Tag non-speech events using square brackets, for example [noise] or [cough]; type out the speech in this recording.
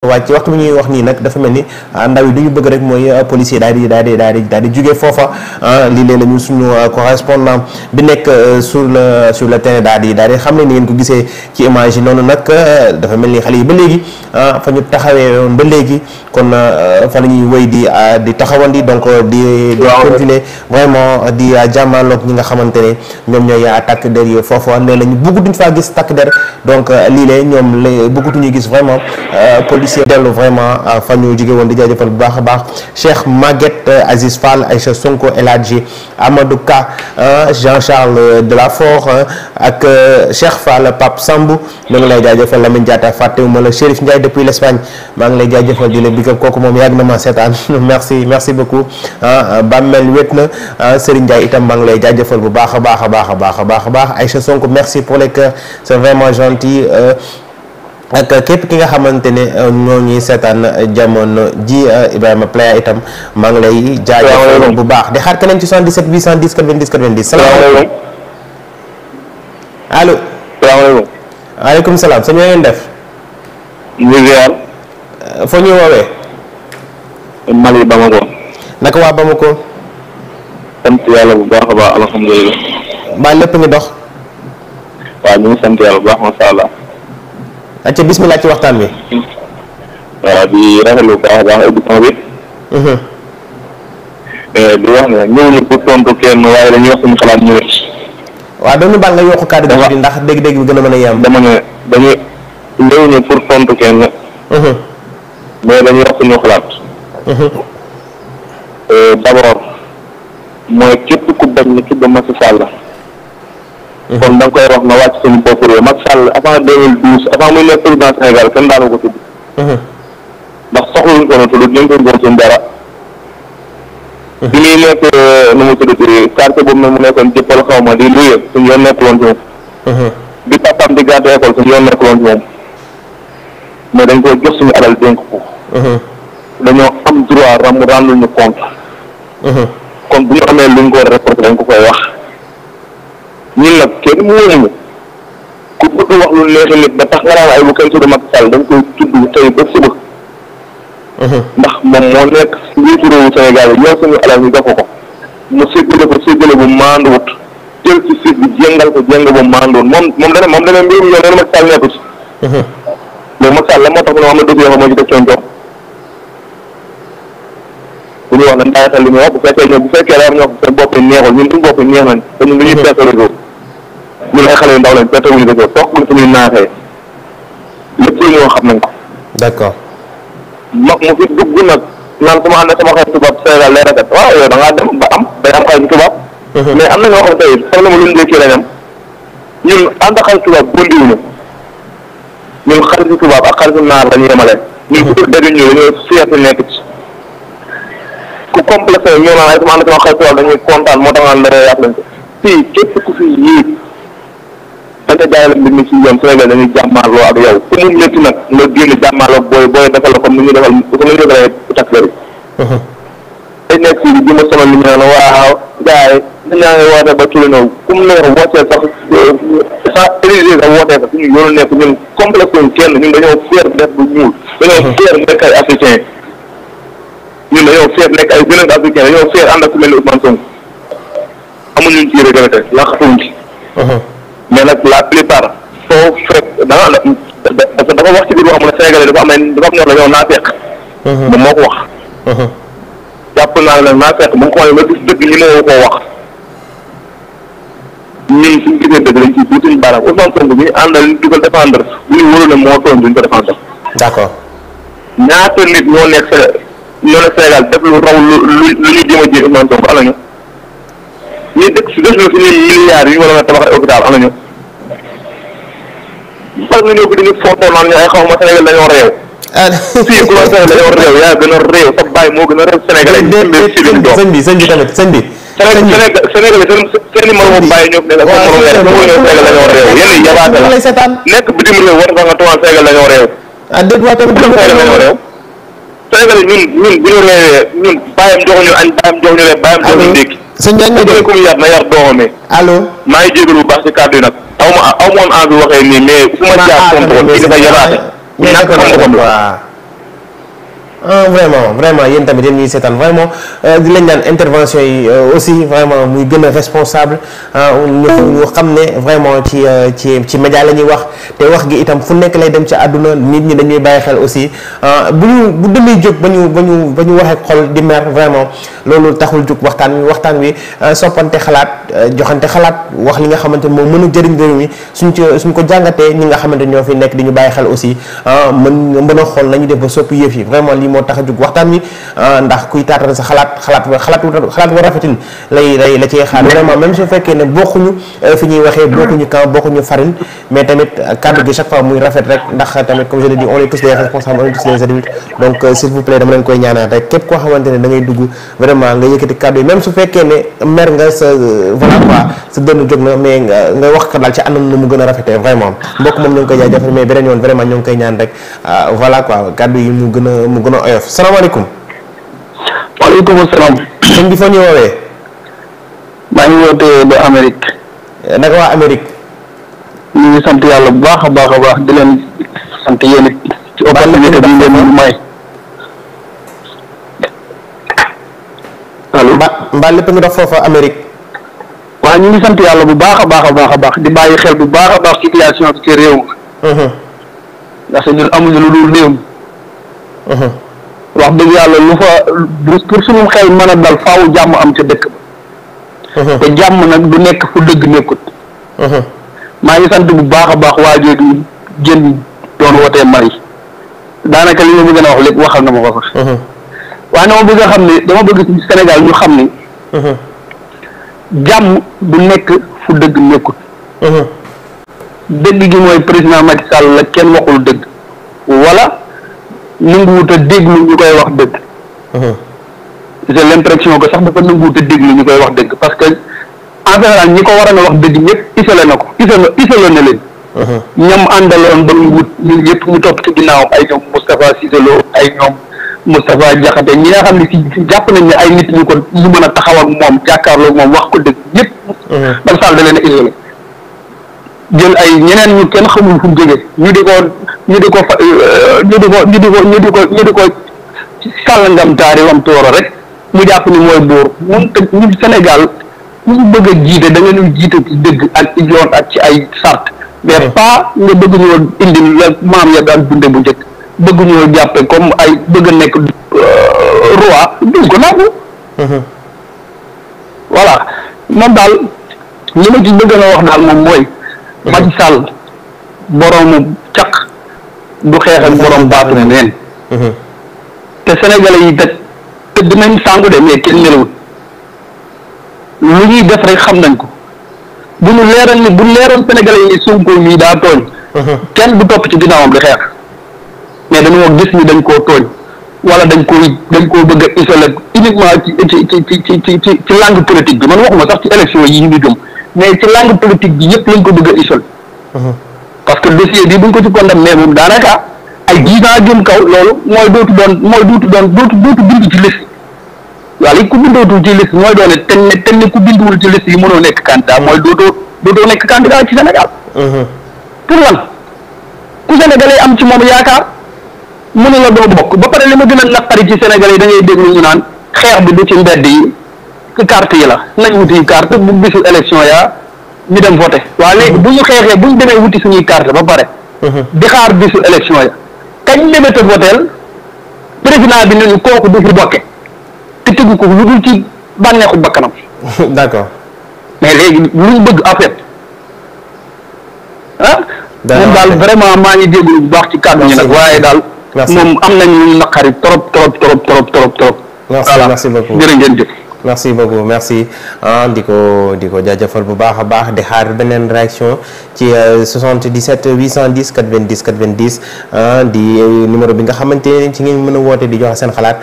waaye ci waxtu bi ñuy wax nii nag dafa mel ni ah, ndaw yi du ñu bëgg rek mooy ah, policier daal di daal di daal di daal di foofa ah, lii léeg la ñu suñu correspondant bi nekk sur le sur le terrain daal di daal di xam ne ni ngeen ko gisee ci image yi noonu nag dafa mel ni xale yi ba léegi fa ñu taxawee woon ba léegi kon fa la ñuy wéy di di taxawandi donc di di continuer vraiment di jàmmaaloog ñi nga xamante ne ñoom ñooy takk der yi foofa léeg la ñu bëgg duñ faa gis takk der donc lii lée ñoom la bëggatuñu gis vraiment see dellu vraiment euh, fa ñu jóge woon di jaajëfal bu a baax Cheikh Maguette euh, Aziz Fall Aïcha Sonko El Hadji Amadou Ka euh, Jean-Charles Delafort ak Cheikh Fall Pape Sambou ma ngi lay jaajëfal Lamine Diatta fàttewuma la Chérif Ndiaye depuis l'Espagne maa ngi lay na ma seetaan [laughs] merci merci beaucoup ah, ah, Bammel wét na ah, Serigne Ndiaye itam maa ngi lay jaajëfal bu baax a baax a baax a baax a baax a merci pour les cœurs vraiment gentil ak képp ki nga xamante ne euh, ñoo ñuy seetaan euh, jamono ji euh, Ibrahima Playa itam maa ngi lay jaajëfal bu baax de di xaar keneen ci 77 810 90 90 salaamaaleykum allo salaamaaleykum waaleykum salaam sëñ bi ngeen def ñugiar foo ñuy woowee Mali Bamako naka waa Bamako sant yàlla bu baax a baax alhamdulilah baa lépp ngi dox waaw ñu ngi sant yàlla bu baax macha allah acca bismillah ci waxtaan wi waaw bi rafetlu baax baax émission bi di wax ne ñëwuñu pour tontu kenn waaye dañuy wax xalaat ñu waaw dañu baal nga yokk kàddu gi ndax dégg-dégg bi gën a mën a yem dama ne dañuy ñëwuñu pour tontu kenn mhm. mais dañuy wax suñu xalaat mhm. eh, d'abord mooy képp ku bañ ni tudd Macky Sall kon da koy wax nga wàcc suñu bopp réew Macky Sall avant 2012 avant muy nekk président Sénégal kenn daanu ko tudd. Mhm. ndax soxluñ ko na tudd mhm. bi muy nekk euh, nu mu tuddati quartier boobu mu nekkoon jëppal xaw ma di luye suñu yoon nekk woon ci mhm. dañ koy jox suñu alal dénk ko. dañoo am droit ram kon bu ñu amee ko dañ ko koy wax. ñun la kenn moomu ku bëgg wax lu neexi nit ba tax nga naan ay bu kenn tudd Macky Sall dañ koy tudd tey ba suba. Mhm. ndax moom moo nekk njiitu réewu Sénégal yi ñoo suñu alal ñu jox ko ko mu séddale ko séddale bu maanduwut jël ci suuf bi jéngal ko jéng bu maanduwut moom moom dana moom dana mbirum yoon dana Macky Sall nekku ci. loolu mhm. Macky Sall la moo tax mu ne Amadou Diouf moo na ndaxtal li muy wax bu fekkee ñoom bu fekkee yi neexul ñun ay xale yu ndaw lañ perte wuñu ko xam nañ ko. d'accord. ma mu nag naan su ma ànd sama xarit tubaab Sénégal mhm. mais am na ñoo xam tey xam mu déggee lañ ku complexe ñoo naan ay su ma ànd sama xarit tubaab dañuy kontaan moo tax naan la yàq lañ ko fii képp ku fi yéeg. da nga jaarale mbir mi ci yoon Sénégal dañuy jàmmaarloo ak yow ku mu métti nag nga génn jàmmaarloo booy booy defal la comme ni ñu defal comme ni ñu defalee taxeur yi day uh-huh. nekk fii di ma sonal li ñu naan waaw gars yi dañ naa ngay ba kilinaw ku mu neex wootee sax euh, sans énergie sax wootee sax suñu yoonu nekk ñun complexe wuñ kenn ñun dañoo def bu ñuul dañoo uh-huh. fier nekk ay africain ñun dañoo fier nekk ay beneen africain dañoo fier ànd ak ku mel ni Ousmane Sonko amuñu ci regretté laqatuñ ci uh-huh. mais nag la plupart soo fekk da nga dafa wax ci biir wax mu ne Sénégalais dafa am ne dafa am ñor la ñoo naa fekk. Uh-huh. moom moo ko wax. Uh-huh. jàpp naa ne naa fekk bu mu xoolee ba gis dëgg ñi moo koo wax ñun suñu gisee dëgg lañ ci duutuñu baaraam Ousmane Sonko bi ñu àndal ñu dugal défendre bu ñu wóolu ne moo tooñ duñ ko défendre. d'accord ñaata nit ñoo nekk Sénégal ñoo nekk Sénégal def lu raw lu lu ñu jéem a ji Ousmane Sonko ana ñu. ñun dëkk su def na suñuy milliards yi a nga tabax ay hôpital am nañu parce que ñoo ko dañu fontoo naan ñu ay xaw ma Sénégal dañoo réew. Ah. la Sénégal dañoo réew yaa gën a réew sa bàyyi moo gën a réew Sénégalais. sëñ bi sëñ bi tamit sëñ bi. Sénégal Sénégal seen i moromu bàyyi ñoom ne la seen moromu réew moo ñëw Sénégal dañoo réew yéen yabaate la nekk bitim réew war nga tuwaan Sénégal dañoo réew. Ah, ñu réewee sëñ bi ma jëlee kum yar na yar doomam allo maa ngi jégalu bu baax ci kàddu yi nag aw ma aw ma woon envie waxee nii mais fu ma jaar contrôle ci dafa yaraate ñàkk xam-xam la Euh, vraiment vraiment yéen tamit yéen ñuy seetaan vraiment euh, di lañ daan intervention yi euh, aussi vraiment muy gën a responsable ñu xam ne vraiment ci ci ci média la ñuy wax te wax gi itam fu nekk lay dem ci àdduna nit ñi dañuy bàyyi xel aussi bu ñu bu demee jóg ba ñu ba ñu ba ñu waxee xol di mer vraiment loolu taxul jóg waxtaan wi waxtaan wi soppante xalaat joxante xalaat wax li nga xamante ni moom mën a jëriñ réew mi suñ suñ ko jàngatee ñi nga xamante ñoo fi nekk di ñu bàyyi xel aussi mën mën a moo tax a jug waxtaan wi ah, ndax kuy taataan sa xalaat xalaat xalaat xalaat wa rafetin lay lay la cee vraiment même su fekkee ne bokkuñu euh, fi ñuy waxee bokkuñu camp bokkuñu farine mais tamit kàddu gi chaque fois muy rafet rek ndax tamit comme je l'ai dit on est tous des on est tous euh, da ngay dugg vraiment nga yëkkati kàddu yi même su fekkee ne mer nga sa euh, voilà quoi sa dënn jóg na mais nga wax ko daal ci anam nu mu gën a rafetee vraiment mbokk moom ñu ngi koy jaajëfal mais beneen yoon vraiment ñu ngi koy ñaan rek ah, voilà a a Grand Yoff salaamaaleykum. waaleykum salaam. sëñ maa ngi wootee ba Amérique. naka waa Amérique. ñu ngi sant yàlla bu baax a baax a baax di leen sant yéen it. ci opportunité bi ngeen ñu may. allo. Mba Mbaa lépp nga dox foofa Amérique. waaw ñu ngi sant yàlla bu baax a baax a baax a baax di bàyyi xel bu baax a baax situation bi ci réew mi. Mhm. ndax ñun amuñu lu dul réew wax dëgg yàlla lu fa pour suñu xel mën a dal faaw jàmm am ca dëkk ba uh-huh. te jàmm nag du nekk fu dëgg nekkut uh-huh. maa ngi sant bu baax a baax waa jooju jën doon wotee mari daanaka li nga bëgg a wax lépp waxal na ma ko fa uh-huh. waaye bëgg a xam ne dama bëgg Sénégal ñu xam ni jàmm du nekk fu dëgg nekkut dëgg gi mooy président Macky Sall la kenn waxul dëgg wala nanguwut a déglu ñu koy wax dëgg. Uh-huh. j'ai l'impression que sax dafa nanguwut a déglu ñu koy wax dëgg parce que en général ñi ko waroon a wax dëgg ñëpp isolé na ko isolé na leen. Uh-huh. ñam àndaloon ba mu wut ñun yëpp mu topp ci ginnaawam ay ñoom Moustapha Cissé Lo ay ñoom Moustapha Diakhaté ñi nga xam ne si jàpp nañ ni ay nit ñu ko ñu mën a taxaw ak moom jàkkaarloo moom wax ko dëgg ñëpp. Macky uh-huh. Sall da leen a isolé. jël ay ñeneen ñu kenn xamul fu mu ñu di ko ñu di ko fa euh, ñu di ko ñu di ko ñu di ko ñu di ko sàllangam taari wam rek mu jàpp ni mooy buur moom te ñu Sénégal ku bëgg a jiite da nga jiite ci dëgg ak ci yoon ak ci ay sart mais hmm. pas nga bëgg ñoo indi maam ya daan dunde bu njëkk bëgg ñoo jàppe comme ay bëgg a nekk euh, roi duñ ko nangu hmm. voilà moom daal li ma ci bëgg na wax daal moom mooy hmm. Macky Sall boroomu caq du xeex ak borom baatu neen mhm. te sénégalais yi daj te dinañ sàngu de mais kenn nelawut lu ñuy def rek xam nañ ko bu ñu leeral ni bu leeroon sénégalais yi Sonko mii daa tooñ mhm. kenn bu topp ci ginnaawam di xeex mais dañoo gis ni dañ koo tooñ wala dañ koy dañ koo bëgg a isolé uniquement ci ci ci ci ci ci ci langue bi man waxuma sax ci élection yi ñu jëm mais ci langue politique bi yëpp lañ ko bëgg a que dossier bi bu ñu ko ci condamné moom daanaka ay dix ans jëm kaw loolu mooy dootu doon mooy dootu doon dootu dootu bind ci liste walla ku bindootul ci liste mooy doone ten ne ten ne ku binduwul ci liste yi mënoo nekk candidat mooy dootoo dootoo nekk candidat ci Sénégal mhm. pour lan ku sénégalais am ci moom yaakaar mu ne la doo bokk ba pare li ma gën a naqari ci sénégalais yi da ngay déglu ñu naan xeex bi du ci mbedd yi ci carte yi la nañ wuti carte bu bisu élection yaa ñu dem voté waaw léegi bu ñu xeexee bu ñu demee wuti suñuy carte ba pare. Mhm. di xaar bisu élection ya kañ demee te voteel président bi nañu kooku du fi bokke te tegu ko lu dul ci bànneexu bakkanam. [laughs] d'accord mais léegi luñ bëgg affaire ah. moom daal vraiment maa ngi jégalu bu baax ci kàddu ñi nag waaye daal. moom am nañu naqari trop trop trop trop trop trop. merci merci beaucoup jërë ngeen jëf. merci beaucoup merci ah di ko di ko jaajëfal bu baax a baax di xaar beneen réaction ci 77 810 90 90 di euh, numéro bi nga xamante ne ci ngeen mën a woote di joxe seen xalaat.